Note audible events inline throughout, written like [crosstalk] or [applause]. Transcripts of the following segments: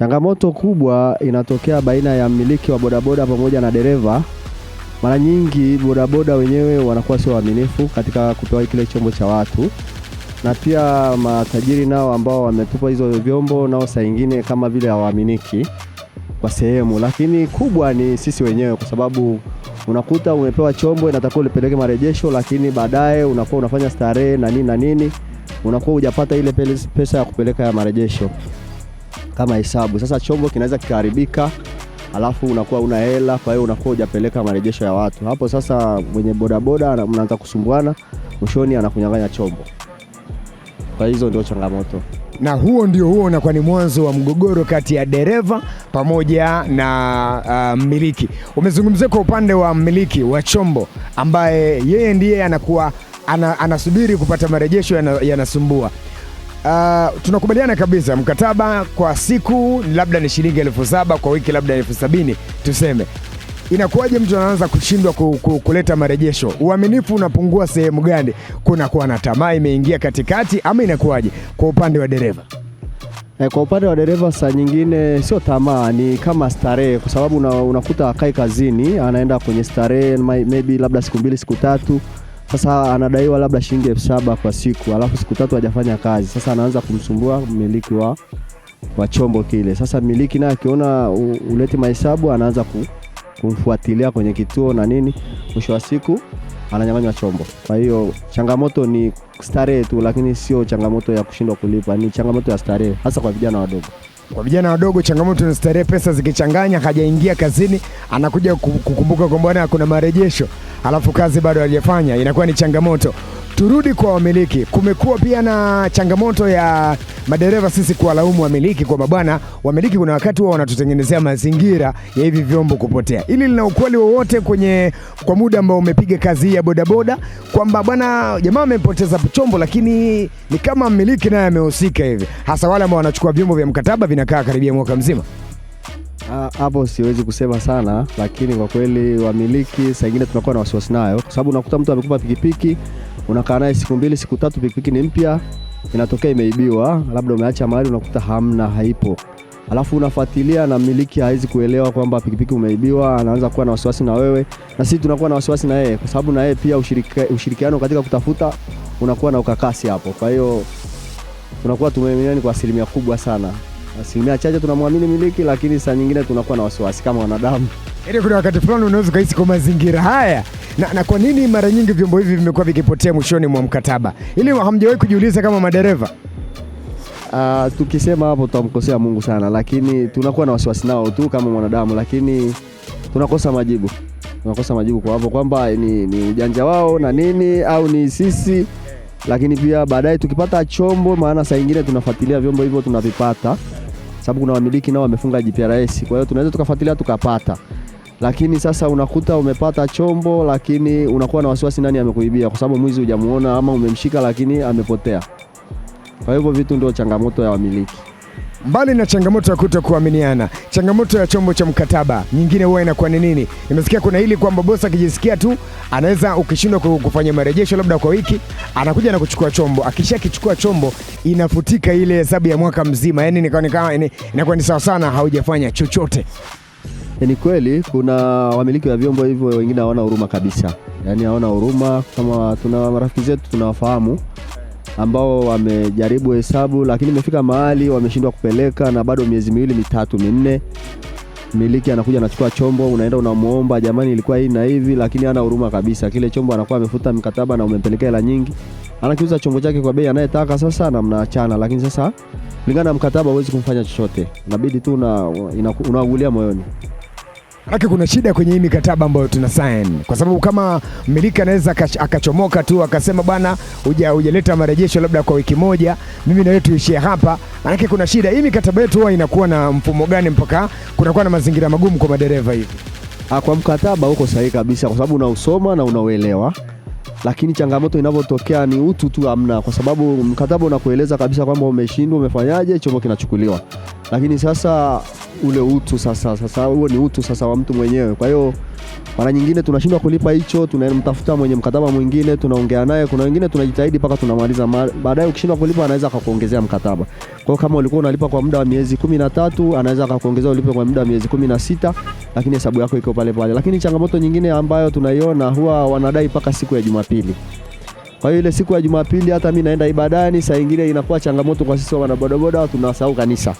Changamoto kubwa inatokea baina ya mmiliki wa bodaboda pamoja na dereva. Mara nyingi bodaboda wenyewe wanakuwa sio waaminifu katika kupewa kile chombo cha watu, na pia matajiri nao ambao wametupa hizo vyombo nao saa nyingine kama vile hawaaminiki kwa sehemu, lakini kubwa ni sisi wenyewe, kwa sababu unakuta umepewa chombo, inatakiwa ulipeleke marejesho, lakini baadaye unakuwa unafanya starehe na nini na nini, unakuwa hujapata ile pesa ya kupeleka ya marejesho kama hesabu. Sasa chombo kinaweza kikaharibika, alafu unakuwa una hela, kwa hiyo unakuwa hujapeleka marejesho ya watu. Hapo sasa mwenye bodaboda mnaanza kusumbuana, mwishoni anakunyang'anya chombo. Kwa hizo ndio changamoto na huo ndio huo unakuwa ni mwanzo wa mgogoro kati ya dereva pamoja na uh, mmiliki. umezungumzia kwa upande wa mmiliki wa chombo ambaye yeye ndiye anakuwa ana, anasubiri kupata marejesho yanasumbua. Uh, tunakubaliana kabisa mkataba kwa siku labda ni shilingi elfu saba kwa wiki labda elfu sabini tuseme. Inakuwaje mtu anaanza kushindwa ku, ku, kuleta marejesho? Uaminifu unapungua sehemu gani? Kunakuwa na tamaa imeingia katikati ama inakuwaje kwa upande wa dereva? Eh, kwa upande wa dereva saa nyingine sio tamaa, ni kama starehe, kwa sababu unakuta akai kazini, anaenda kwenye starehe maybe labda siku mbili siku tatu sasa anadaiwa labda shilingi elfu saba kwa siku, alafu siku tatu hajafanya kazi. Sasa anaanza kumsumbua mmiliki wa, wa chombo kile. Sasa mmiliki naye akiona uleti mahesabu anaanza ku, kumfuatilia kwenye kituo na nini, mwisho wa siku ananyang'anywa chombo. Kwa hiyo changamoto ni starehe tu, lakini sio changamoto ya kushindwa kulipa, ni changamoto ya starehe, hasa kwa vijana wadogo. Kwa vijana wadogo changamoto ni starehe, pesa zikichanganya, hajaingia kazini, anakuja kukumbuka kwamba kuna marejesho alafu kazi bado hajafanya, inakuwa ni changamoto. Turudi kwa wamiliki. Kumekuwa pia na changamoto ya madereva sisi kuwalaumu wamiliki kwamba bwana, wamiliki kuna wakati wao wanatutengenezea mazingira ya hivi vyombo kupotea. Hili lina ukweli wowote kwenye kwa muda ambao umepiga kazi hii ya bodaboda, kwamba bwana, jamaa amepoteza chombo, lakini ni kama mmiliki naye amehusika hivi, hasa wale ambao wanachukua vyombo vya mkataba vinakaa karibia mwaka mzima? Ah, hapo siwezi kusema sana, lakini kwa kweli wamiliki saa ingine tunakuwa na wasiwasi nayo, kwa sababu unakuta mtu amekupa pikipiki, unakaa naye siku mbili siku tatu, pikipiki ni mpya, inatokea imeibiwa, labda umeacha mahali, unakuta hamna, haipo alafu unafuatilia na miliki hawezi kuelewa kwamba pikipiki umeibiwa, anaanza kuwa na wasiwasi na wewe, na sisi tunakuwa na wasiwasi na yeye, kwa sababu na yeye pia ushirika, ushirikiano katika kutafuta unakuwa na ukakasi hapo. Kwa hiyo tunakuwa tumeaminiani kwa asilimia kubwa sana asilimia chache tunamwamini miliki, lakini saa nyingine tunakuwa na wasiwasi kama wanadamu. Yaani kuna wakati fulani unaweza ukahisi kwa mazingira haya na, na kwa nini mara nyingi vyombo hivi vimekuwa vikipotea mwishoni mwa mkataba, ili hamjawahi kujiuliza kama madereva? Uh, tukisema hapo tutamkosea Mungu sana, lakini tunakuwa na wasiwasi nao tu kama mwanadamu, lakini tunakosa majibu, tunakosa majibu kwa hapo kwamba ni, ni ujanja wao na nini au ni sisi lakini pia baadaye tukipata chombo, maana saa nyingine tunafuatilia vyombo hivyo tunavipata, sababu kuna wamiliki nao wamefunga GPRS, kwa hiyo tunaweza tukafuatilia tukapata. Lakini sasa unakuta umepata chombo, lakini unakuwa na wasiwasi nani amekuibia, kwa sababu mwizi hujamuona ama umemshika, lakini amepotea. Kwa hivyo vitu ndio changamoto ya wamiliki. Mbali na changamoto ya kuto kuaminiana, changamoto ya chombo cha mkataba nyingine huwa inakuwa ni nini? Nimesikia kuna hili kwamba bosi akijisikia tu anaweza, ukishindwa kufanya marejesho labda kwa wiki, anakuja na kuchukua chombo. Akisha kichukua chombo, inafutika ile hesabu ya mwaka mzima, yaani, yaani inakuwa ni sawa sana, haujafanya chochote. Ni kweli kuna wamiliki wa vyombo hivyo wengine hawana huruma kabisa, yaani hawana huruma. Kama tuna marafiki zetu tunawafahamu ambao wamejaribu hesabu lakini imefika mahali wameshindwa kupeleka, na bado miezi miwili mitatu minne, miliki anakuja anachukua chombo, unaenda unamuomba, jamani, ilikuwa hii na hivi, lakini hana huruma kabisa. Kile chombo anakuwa amefuta mkataba na umempelekea hela nyingi, anakiuza chombo chake kwa bei anayetaka sasa, na mnaachana. Lakini sasa kulingana na mkataba huwezi kumfanya chochote, inabidi tu unaugulia moyoni. Maanake kuna shida kwenye hii mikataba ambayo tuna sign, kwa sababu kama mmiliki anaweza akachomoka tu akasema bwana, hujaleta marejesho labda kwa wiki moja, mimi na wewe tuishie hapa, maanake kuna shida. Hii mikataba yetu huwa inakuwa na mfumo gani mpaka kunakuwa na mazingira magumu kwa madereva hivi? Ah, kwa mkataba uko sahihi kabisa, kwa sababu unausoma na unauelewa lakini changamoto inavyotokea ni utu tu amna kwa sababu mkataba unakueleza kabisa kwamba umeshindwa, umefanyaje, chombo kinachukuliwa. Lakini sasa ule utu sasa. Sasa huo ni utu sasa wa mtu mwenyewe. Kwa hiyo mara nyingine tunashindwa kulipa hicho, tunamtafuta mwenye mkataba mwingine, tunaongea naye. Kuna wengine tunajitahidi mpaka tunamaliza, baadaye ukishindwa kulipa anaweza akakuongezea mkataba. Kwa kama ulikuwa unalipa kwa muda wa miezi kumi na tatu anaweza akakuongezea ulipe kwa muda wa miezi kumi na sita lakini hesabu yako iko pale pale. Lakini changamoto nyingine ambayo tunaiona huwa wanadai mpaka siku ya Jumapili. Kwa hiyo ile siku ya Jumapili hata mimi naenda ibadani, saa nyingine inakuwa changamoto kwa sisi wa wanabodaboda, tunasahau kanisa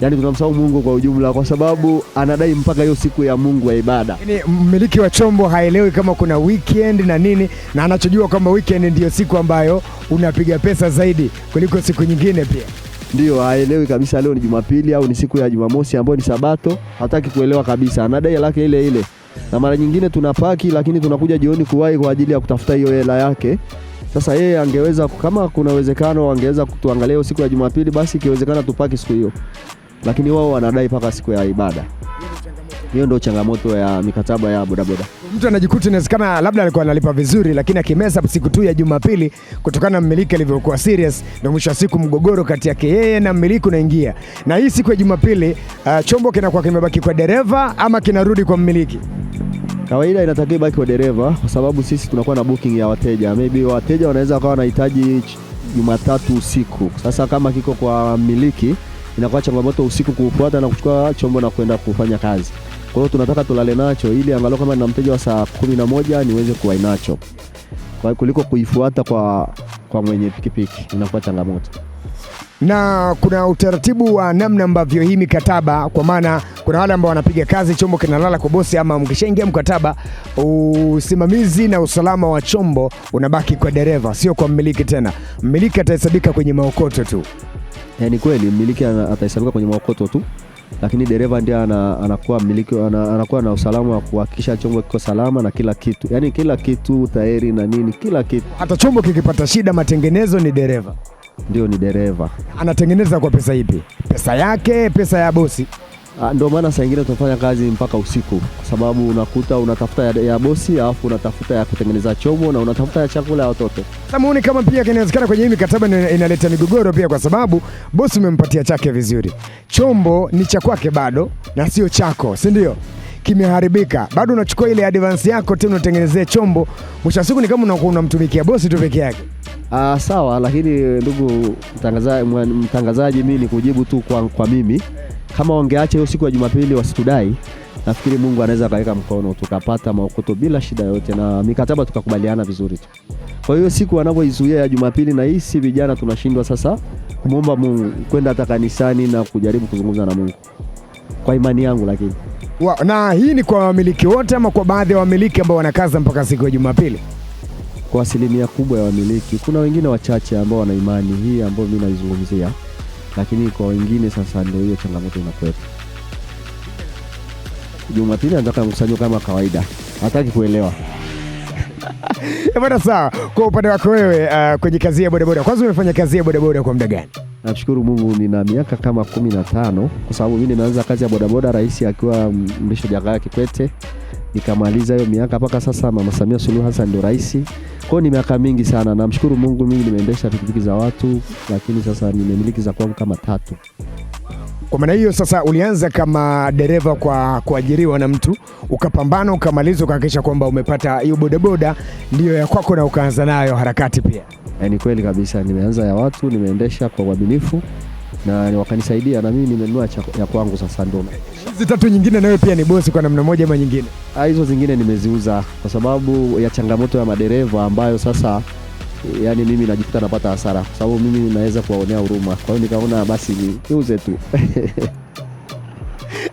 yani tunamsahau Mungu kwa ujumla, kwa sababu anadai mpaka hiyo siku ya Mungu ya ibada. Yaani mmiliki wa chombo haelewi kama kuna weekend na nini, na anachojua kwamba weekend ndiyo siku ambayo unapiga pesa zaidi kuliko siku nyingine pia ndiyo haelewi kabisa, leo ni Jumapili au ni siku ya Jumamosi ambayo ni Sabato. Hataki kuelewa kabisa, anadai lake ile ile, na mara nyingine tunapaki, lakini tunakuja jioni kuwahi kwa ajili ya kutafuta hiyo hela yake. Sasa yeye angeweza, kama kuna uwezekano, angeweza kutuangalia siku ya Jumapili, basi ikiwezekana tupaki siku hiyo lakini wao wanadai mpaka siku ya ibada. Hiyo ndio changamoto ya mikataba ya bodaboda. Mtu anajikuta inawezekana labda alikuwa analipa vizuri, lakini akimesa siku tu ya Jumapili kutokana na mmiliki alivyokuwa serious, ndio mwisho wa siku mgogoro kati yake yeye na mmiliki unaingia. Na hii siku ya Jumapili uh, chombo kinakuwa kimebaki kwa dereva ama kinarudi kwa mmiliki? Kawaida inatakiwa ibaki kwa dereva, kwa sababu sisi tunakuwa na booking ya wateja, maybe wateja wanaweza wakawa wanahitaji Jumatatu usiku. Sasa kama kiko kwa mmiliki inakuwa changamoto usiku kuufuata na kuchukua chombo na kwenda kufanya kazi. Kwa hiyo tunataka tulale nacho ili angalau kama nina mteja wa saa kumi na moja niweze kuwa nacho. Kwa kuliko kuifuata kwa, kwa mwenye pikipiki inakuwa changamoto. Na kuna utaratibu wa namna ambavyo hii mikataba, kwa maana kuna wale ambao wanapiga kazi chombo kinalala kwa bosi, ama mkishaingia mkataba, usimamizi na usalama wa chombo unabaki kwa dereva, sio kwa mmiliki tena. Mmiliki atahesabika kwenye maokoto tu. Eh, ni kweli mmiliki atahesabika kwenye maokoto tu, lakini dereva ndio anakuwa mmiliki, anakuwa na usalama wa kuhakikisha chombo kiko salama na kila kitu, yani kila kitu, tayari na nini, kila kitu. Hata chombo kikipata shida, matengenezo ni dereva, ndio ni dereva. Anatengeneza kwa pesa ipi? Pesa yake, pesa ya bosi? Ah, ndio maana saa nyingine tunafanya kazi mpaka usiku, kwa sababu unakuta unatafuta ya, ya bosi alafu unatafuta ya kutengeneza chomo na unatafuta ya chakula ya watoto. Samuni kama pia kinawezekana kwenye hii mikataba inaleta migogoro pia, kwa sababu bosi umempatia chake vizuri, chombo ni cha kwake bado na sio chako, si ndio? Kimeharibika, bado unachukua ile advance yako tena unatengenezea chombo, mwisho wa siku ni kama unakuwa unamtumikia bosi tu peke yake. Aa, ah, sawa, lakini ndugu mtangazaji, mtangazaji mimi ni kujibu tu kwa, kwa mimi kama wangeacha hiyo siku ya Jumapili wasitudai, nafikiri Mungu anaweza akaweka mkono tukapata maokoto bila shida yote, na mikataba tukakubaliana vizuri tu. Kwa hiyo siku wanavyoizuia ya Jumapili, na hisi vijana tunashindwa sasa kumwomba Mungu, kwenda hata kanisani na kujaribu kuzungumza na Mungu, kwa imani yangu lakini Wow, na hii ni kwa wamiliki wote ama kwa baadhi ya wamiliki ambao wanakaza mpaka siku ya Jumapili? Kwa asilimia kubwa ya wamiliki, kuna wengine wachache ambao wana imani hii ambayo mimi naizungumzia lakini kwa wengine sasa ndio hiyo changamoto inakuwepo. Jumapili anataka mkusanyo kama kawaida, hataki kuelewa [laughs] eh, bana. Sawa, kwa upande wako wewe, uh, kwenye kazi ya bodaboda, kwanza umefanya kazi ya bodaboda kwa muda gani? nashukuru Mungu nina miaka kama kumi na tano kwa sababu mimi nimeanza kazi ya bodaboda rais akiwa Mrisho Jakaya Kikwete nikamaliza hiyo miaka mpaka sasa. Mama Samia Suluhu Hassan ndio rais. Kwa ni miaka mingi sana, namshukuru Mungu. Mimi nimeendesha pikipiki za watu, lakini sasa nimemiliki za kwangu kama tatu. Kwa maana hiyo sasa, ulianza kama dereva kwa kuajiriwa na mtu, ukapambana, ukamaliza, ukahakikisha kwamba umepata hiyo bodaboda ndiyo ya kwako na ukaanza nayo harakati pia. Eh, ni kweli kabisa, nimeanza ya watu, nimeendesha kwa uaminifu na wakanisaidia na mimi nimenunua ya kwangu. Sasa ndo hizi tatu nyingine, nawe pia ni bosi kwa namna moja ama nyingine. Ah, hizo zingine nimeziuza kwa sababu ya changamoto ya madereva ambayo sasa yani mimi najikuta napata hasara kwa sababu mimi naweza kuwaonea huruma. Kwa hiyo nikaona basi niuze tu [laughs]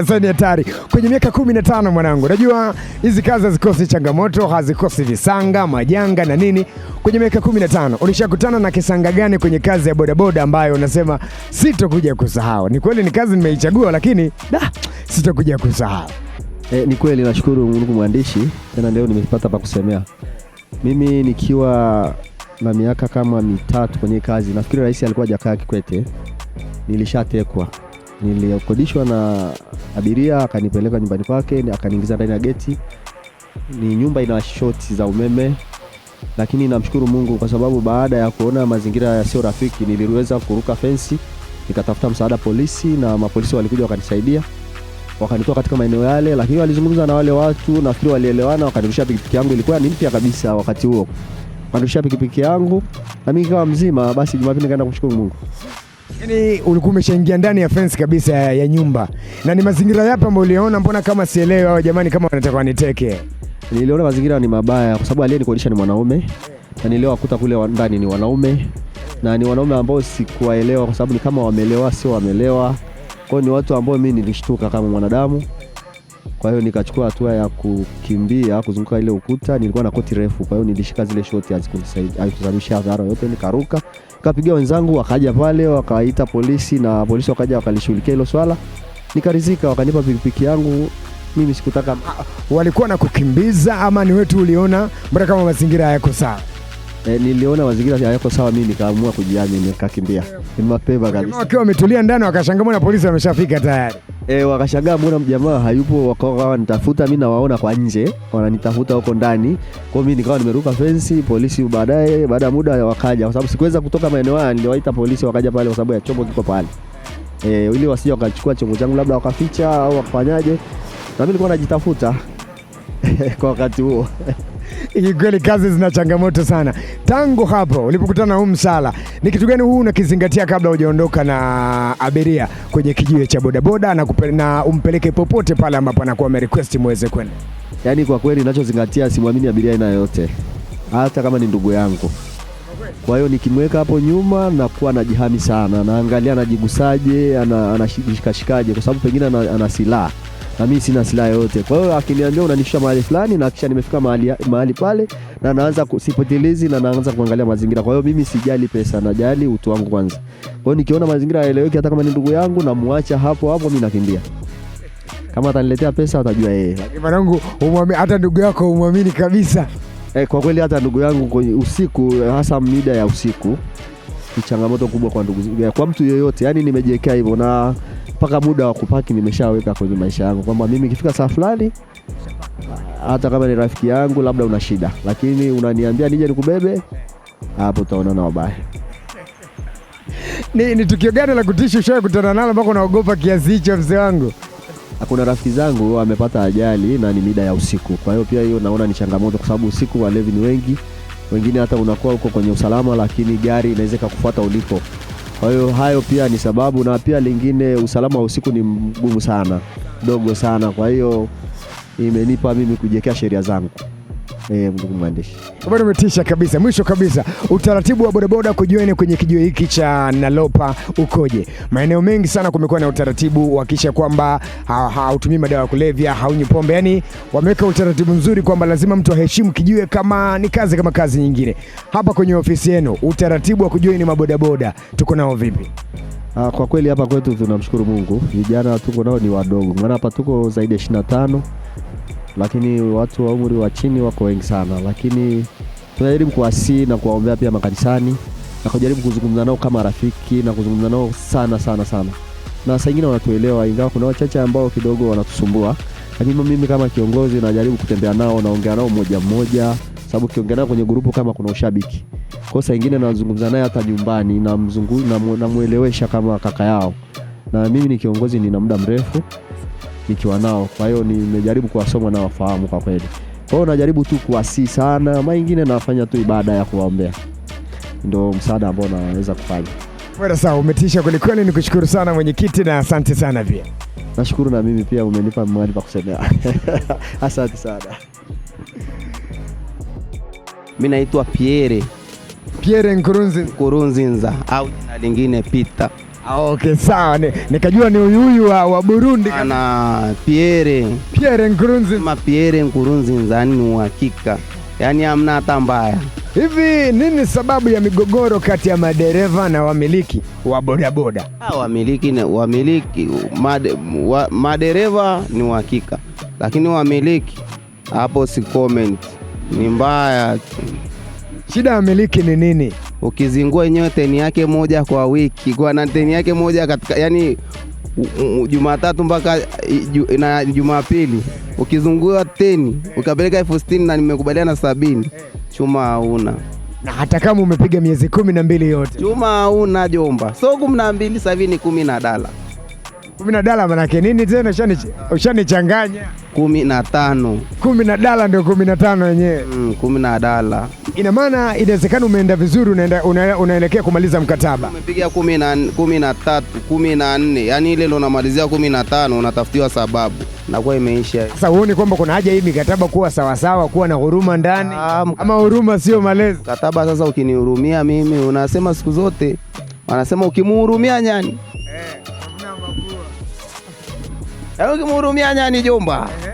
Sasa ni hatari kwenye miaka kumi na tano mwanangu, najua hizi kazi hazikosi changamoto, hazikosi visanga, majanga na nini. Kwenye miaka kumi na tano ulishakutana na kisanga gani kwenye kazi ya bodaboda ambayo unasema sitokuja kusahau? Ni kweli ni kazi nimeichagua, lakini da, sitokuja kusahau. E, ni kweli nashukuru Mungu mwandishi, tena leo nimepata pa kusemea. Mimi nikiwa na miaka kama mitatu kwenye kazi, nafikiri rais alikuwa Jakaya Kikwete, nilishatekwa nilikodishwa na abiria akanipeleka nyumbani kwake, akaniingiza ndani ya geti. Ni nyumba ina shoti za umeme, lakini namshukuru Mungu kwa sababu baada ya kuona mazingira yasiyo rafiki niliweza kuruka fensi, nikatafuta msaada polisi, na mapolisi walikuja wakanisaidia, wakanitoa katika maeneo yale, lakini walizungumza na wale watu, nafikiri walielewana, wakanirushia pikipiki yangu. Ilikuwa ni mpya kabisa wakati huo, wakanirushia pikipiki yangu na mimi nikawa mzima. Basi Jumapili nikaenda kumshukuru Mungu. Yaani ulikuwa umeshaingia ndani ya fence kabisa ya, ya nyumba. Na ni mazingira yapi ambayo uliona, mbona kama sielewi hao jamani, kama wanataka waniteke? Niliona mazingira ni mabaya kwa sababu aliyenikodisha ni mwanaume. Na niliowakuta kule ndani ni wanaume. Na ni wanaume ambao sikuwaelewa kwa sababu ni kama wamelewa sio wamelewa. Kwa hiyo ni watu ambao mimi nilishtuka kama mwanadamu. Kwa hiyo nikachukua hatua ya kukimbia kuzunguka ile ukuta. Nilikuwa na koti refu, kwa hiyo nilishika zile shoti, hazikusababisha hasara yote, nikaruka kapiga wenzangu wakaja pale wakaita polisi na polisi wakaja wakalishughulikia hilo swala, nikarizika, wakanipa pikipiki yangu. Mimi sikutaka. Ah, walikuwa na kukimbiza ama ni wetu uliona mbona kama mazingira hayako sawa? E, niliona mazingira hayako sawa, mimi nikaamua kujiamini, nikakimbia mapema kabisa. Wakiwa wametulia ndani wakashangaa, na polisi wameshafika tayari e, wakashangaa mbona mjamaa hayupo, wakawa nitafuta mi, nawaona kwa nje, wananitafuta huko ndani. kwao, mi nikawa nimeruka fensi, polisi baadaye, baada ya muda wakaja, kwa sababu sikuweza kutoka maeneo haya, niliwaita polisi wakaja pale, kwa sababu ya chombo kiko pale e, ili wasije wakachukua chombo changu labda wakaficha au wakafanyaje, na mi nilikuwa najitafuta [laughs] kwa wakati huo [laughs] Kweli kazi zina changamoto sana. Tangu hapo ulipokutana na huu msala, ni kitu gani huu unakizingatia kabla hujaondoka na abiria kwenye kijiwe cha bodaboda na, na umpeleke popote pale ambapo anakuwa amerequest muweze kwenda? Yaani kwa kweli ninachozingatia, simwamini abiria aina yoyote, hata kama ni ndugu yangu. Kwa hiyo nikimweka hapo nyuma nakuwa anajihami sana, naangalia anajigusaje, anashikashikaje, kwa sababu pengine ana, ana silaha na mimi sina silaha yoyote. Kwa hiyo akiniambia unanisha mahali fulani, na kisha nimefika mahali, mahali pale na naanza sipotelezi na naanza kuangalia mazingira. Kwa hiyo mimi sijali pesa, najali utu wangu kwanza. Kwa hiyo nikiona mazingira yaeleweki, hata kama ni ndugu yangu, namuacha hapo hapo, mimi nakimbia. Kama ataniletea pesa atajua yeye. Lakini mwanangu, umwamini hata ndugu yako umwamini kabisa. Eh, kwa kweli hata ndugu yangu kwenye usiku, hasa mida ya usiku, ni changamoto kubwa kwa ndugu, kwa mtu yoyote, Yani nimejiwekea hivyo na mpaka muda wa kupaki nimeshaweka kwenye maisha yangu kwamba mimi ikifika saa fulani, hata kama ni rafiki yangu, labda una shida, lakini unaniambia nije nikubebe, hapo utaonana wabaya. Ni, ni tukio gani la kutisha ushawahi kutana nalo mpaka unaogopa kiasi hicho, mzee wangu? Kuna rafiki zangu amepata ajali na ni mida ya usiku, kwa hiyo pia hiyo naona ni changamoto, kwa sababu usiku walevi ni wengi, wengine hata unakuwa uko kwenye usalama, lakini gari inaweza ikakufuata ulipo kwa hiyo hayo pia ni sababu, na pia lingine, usalama wa usiku ni mgumu sana, dogo sana. Kwa hiyo imenipa mimi kujiwekea sheria zangu. Eh, ndugu mwandishi, bado umetisha kabisa. Mwisho kabisa, utaratibu wa bodaboda kujoini kwenye kijiwe hiki cha Nalopa ukoje? Maeneo mengi sana kumekuwa na utaratibu wakisha kwamba hautumii ha, madawa ya kulevya, haunywi pombe, yani wameweka utaratibu mzuri kwamba lazima mtu aheshimu kijiwe, kama ni kazi kama kazi nyingine. Hapa kwenye ofisi yenu utaratibu wa kujoini mabodaboda tuko nao vipi? Ah, kwa kweli hapa kwetu tunamshukuru Mungu, vijana tuko nao ni wadogo, maana hapa tuko zaidi ya ishirini na tano lakini watu wa umri wa chini wako wengi sana, lakini tunajaribu kuwasii na kuwaombea pia makanisani na kujaribu kuzungumza nao kama rafiki na kuzungumza nao sana sana sana, na saa ingine wanatuelewa, ingawa kuna wachache ambao kidogo wanatusumbua, lakini mimi kama kiongozi najaribu kutembea nao, naongea nao moja mmoja, sababu kiongea nao kwenye grupu kama kuna ushabiki kwa saa ingine nazungumza naye hata nyumbani, namuelewesha na na kama kaka yao, na mimi ni kiongozi, nina muda mrefu nikiwa nao, kwa hiyo nimejaribu kuwasoma na wafahamu kwa kweli. Kwa hiyo najaribu tu kuwasii sana, maingine nafanya tu ibada ya kuwaombea, ndo msaada ambao naweza kufanya. Sawa, umetisha kwelikweli, ni kushukuru sana mwenyekiti na asante sana pia. Nashukuru na mimi pia umenipa mahali pa kusemea [laughs] asante sana. mi naitwa Pierre Pierre Nkurunzi Nkurunzinza au jina lingine Peter. Ah, okay, sawa, nikajua ni huyu huyu wa Burundi na Pierre Pierre Nkurunziza. Pierre Nkurunziza ni uhakika, yaani hamna hata mbaya. Hivi nini sababu ya migogoro kati ya madereva na wamiliki wa bodaboda? Ha, ah, wamiliki na wamiliki made, wa, madereva ni uhakika, lakini wamiliki hapo si comment, ni mbaya. Shida ya wamiliki ni nini? ukizingua yenyewe teni yake moja kwa wiki kwa na teni yake moja katika yani Jumatatu mpaka na Jumapili ukizungua teni ukapeleka elfu sitini na nimekubaliana sabini, chuma hauna na hata kama umepiga miezi kumi na mbili yote chuma hauna jomba. So kumi na mbili sabini kumi na dala kumi na dala manake nini tena? Ushanichanganya. kumi na tano kumi na dala ndio kumi na tano yenyewe mm, kumi na dala ina maana inawezekana umeenda vizuri, unaenda unaelekea kumaliza mkataba, umepiga kumi na kumi na tatu kumi na nne yani ile ndo kumi na tano unatafutiwa sababu nakuwa imeisha. Sasa huoni kwamba kuna haja hii mikataba kuwa sawasawa, kuwa na huruma ndani ah, ama huruma sio malezi mkataba? Sasa ukinihurumia mimi unasema siku zote wanasema ukimuhurumia nyani eh. Ukimhurumia nyani jomba